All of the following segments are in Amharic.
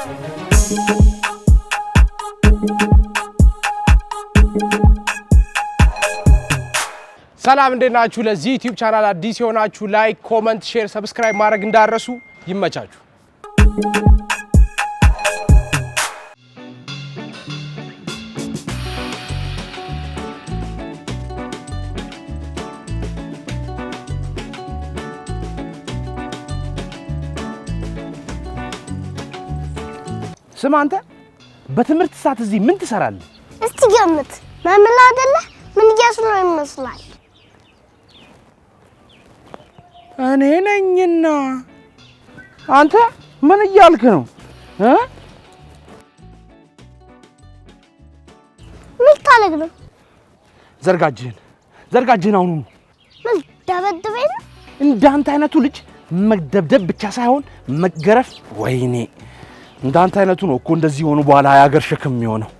ሰላም እንዴት ናችሁ? ለዚህ ዩቲዩብ ቻናል አዲስ የሆናችሁ ላይክ፣ ኮመንት፣ ሼር፣ ሰብስክራይብ ማድረግ እንዳረሱ። ይመቻችሁ። ስም አንተ በትምህርት ሰዓት እዚህ ምን ትሰራለህ? እስቲ ገምት። መምላ አይደለ? ምን እያስሉ ይመስላል? እኔ ነኝና። አንተ ምን እያልክ ነው? ምን ታለግ ነው? ዘርጋጅህን ዘርጋጅህን አሁኑ። ምን ደበድበኝ ነው? እንዳንተ አይነቱ ልጅ መደብደብ ብቻ ሳይሆን መገረፍ። ወይኔ እንዳንተ አይነቱ ነው እኮ እንደዚህ ሆኑ በኋላ የሀገር ሸክም የሚሆነው።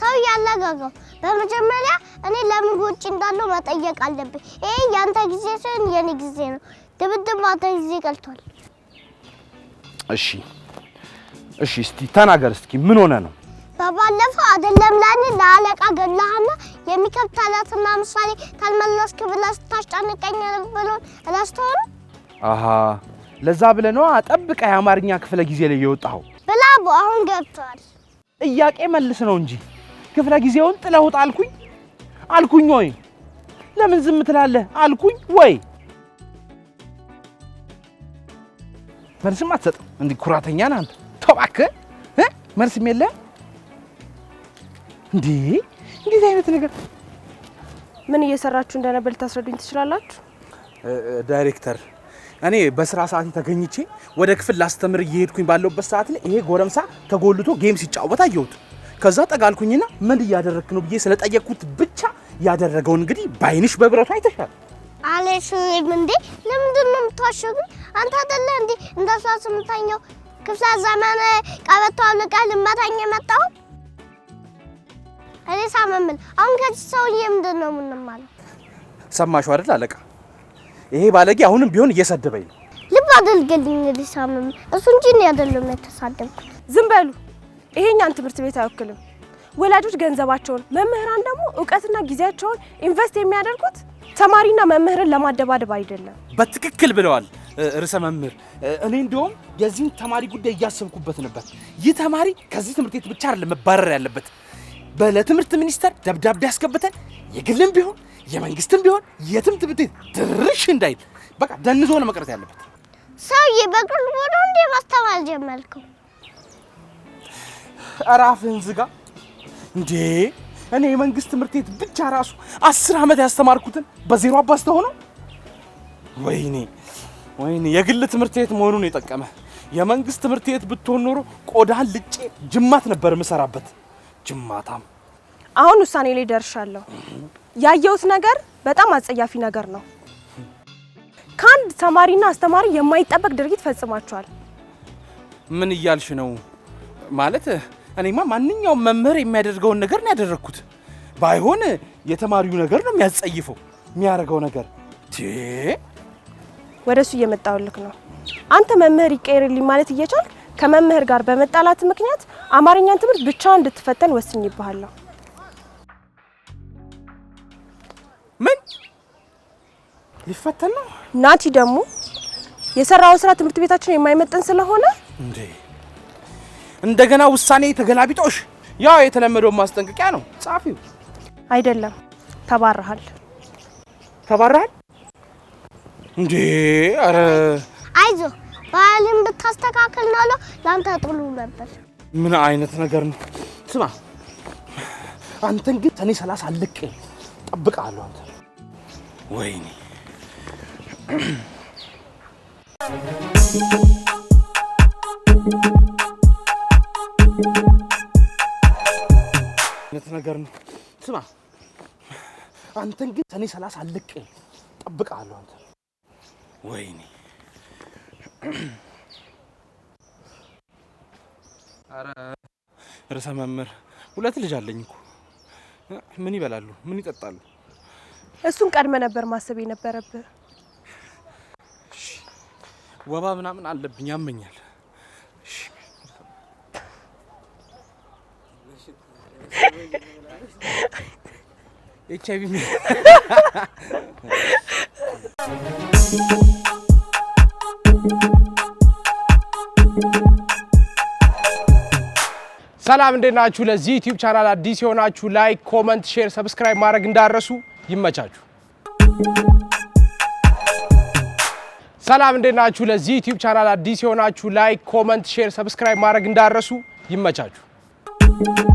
ሰው ያላጋጋው በመጀመሪያ እኔ ለምን ውጭ እንዳለው መጠየቅ አለብኝ። ይሄ ያንተ ጊዜ ሲሆን የኔ ጊዜ ነው። ድብድብ አንተ ጊዜ ቀልቷል። እሺ እሺ፣ እስቲ ተናገር። እስኪ ምን ሆነ ነው? በባለፈው አይደለም ለእኔ ለአለቃ ገላህና የሚከብድ አላትና ምሳሌ ካልመለስክ ብለህ ስታስጨንቀኝ ብሎ እላስተሆነ። አሀ ለዛ ብለህ ነዋ። ጠብቀህ የአማርኛ ክፍለ ጊዜ ላይ የወጣኸው አቡ አሁን ገብቷል። ጥያቄ መልስ ነው እንጂ ክፍለ ጊዜውን ጥለውጥ አልኩኝ አልኩኝ ወይ ለምን ዝም ትላለህ አልኩኝ ወይ መልስም አትሰጥም። እንዲህ ኩራተኛ ነህ አንተ። ተው እባክህ እ መልስም የለ እንዴ! እንደዚህ አይነት ነገር ምን እየሰራችሁ እንደነበር ልታስረዱኝ ትችላላችሁ ዳይሬክተር እኔ በስራ ሰዓት ተገኝቼ ወደ ክፍል ላስተምር እየሄድኩኝ ባለውበት ሰዓት ላይ ይሄ ጎረምሳ ተጎልቶ ጌም ሲጫወት አየሁት። ከዛ ጠጋልኩኝና ምን እያደረግክ ነው ብዬ ስለጠየቅኩት ብቻ ያደረገውን እንግዲህ ባይንሽ በብረቱ አይተሻል። አለሽም እንዴ ለምንድን ነው የምታሸጉኝ? አንተ አይደለ እንዴ እንደሷ ስምታኛው ክፍለ ዘመን ቀበቶ አውልቃ ልመታኝ የመጣው እኔ ሳመምን። አሁን ከዚህ ሰውዬ ምንድን ነው የምንማለው? ሰማሽው አይደል አለቃ ይሄ ባለጌ አሁንም ቢሆን እየሰደበኝ ነው። ልብ አገልገልኝ ሊሳምም እሱ እንጂ እኔ አይደለም የተሳደብኩት። ዝም በሉ። ይሄኛን ትምህርት ቤት አይወክልም። ወላጆች ገንዘባቸውን፣ መምህራን ደግሞ እውቀትና ጊዜያቸውን ኢንቨስት የሚያደርጉት ተማሪና መምህርን ለማደባደብ አይደለም። በትክክል ብለዋል ርዕሰ መምህር። እኔ እንደውም የዚህን ተማሪ ጉዳይ እያሰብኩበት ነበር። ይህ ተማሪ ከዚህ ትምህርት ቤት ብቻ አይደለም መባረር ያለበት በለትምህርት ሚኒስቴር ደብዳቤ አስገብተን የግልም ቢሆን የመንግስትም ቢሆን የትም ትምህርት ቤት ድርሽ እንዳይል በቃ ደንዞ ነው መቅረት ያለበት። ሰውዬ በቅርቡ ነው እንዴ ማስተማር ጀመርከው? እራፍህን ዝጋ እንዴ! እኔ የመንግስት ትምህርት ቤት ብቻ ራሱ አስር ዓመት ያስተማርኩትን በዜሮ አባዝተው ነው። ወይኔ ወይኔ! የግል ትምህርት ቤት መሆኑን የጠቀመ የመንግስት ትምህርት ቤት ብትሆን ኖሮ ቆዳን ልጬ ጅማት ነበር የምሰራበት። ጅማታም አሁን ውሳኔ ላይ ደርሻለሁ። ያየሁት ነገር በጣም አጸያፊ ነገር ነው። ከአንድ ተማሪና አስተማሪ የማይጠበቅ ድርጊት ፈጽማችኋል። ምን እያልሽ ነው? ማለት እኔማ ማንኛውም መምህር የሚያደርገውን ነገር ነው ያደረግኩት። ባይሆን የተማሪው ነገር ነው የሚያጸይፈው የሚያደርገው ነገር ወደ እሱ እየመጣሁልክ ነው። አንተ መምህር ይቀየርልኝ ማለት እየቻልክ ከመምህር ጋር በመጣላት ምክንያት አማርኛን ትምህርት ብቻ እንድትፈተን ወስኜብሃለሁ። ምን ሊፈተን ነው? ናቲ ደግሞ የሰራው ስራ ትምህርት ቤታችን የማይመጥን ስለሆነ እንዴ እንደገና ውሳኔ ተገላቢጦሽ። ያው የተለመደው ማስጠንቀቂያ ነው። ጻፊው አይደለም። ተባረሃል። ተባረሃል እንዴ? አረ አይዞህ ባህልን ብታስተካክል ነው አለው። ለአንተ ጥሉ ነበር። ምን አይነት ነገር ነው? ስማ አንተን ግን ሰኔ ሰላሳ አልቄ ጠብቃለሁ። አንተ ወይኔ አይነት ነገር ነው። ስማ አንተን ግን ሰኔ ሰላሳ አልቄ ጠብቃለሁ። አንተ ወይኔ ርዕሰ መምህር ሁለት ልጅ አለኝ እኮ ምን ይበላሉ? ምን ይጠጣሉ? እሱን ቀድመ ነበር ማሰብ የነበረብህ። ወባ ምናምን አለብኝ ያመኛል። ኤች ሰላም እንዴት ናችሁ? ለዚህ ዩቲዩብ ቻናል አዲስ የሆናችሁ ላይክ፣ ኮመንት፣ ሼር፣ ሰብስክራይብ ማድረግ እንዳረሱ። ይመቻችሁ። ሰላም እንዴት ናችሁ? ለዚህ ዩቲዩብ ቻናል አዲስ የሆናችሁ ላይክ፣ ኮመንት፣ ሼር፣ ሰብስክራይብ ማድረግ እንዳረሱ። ይመቻችሁ።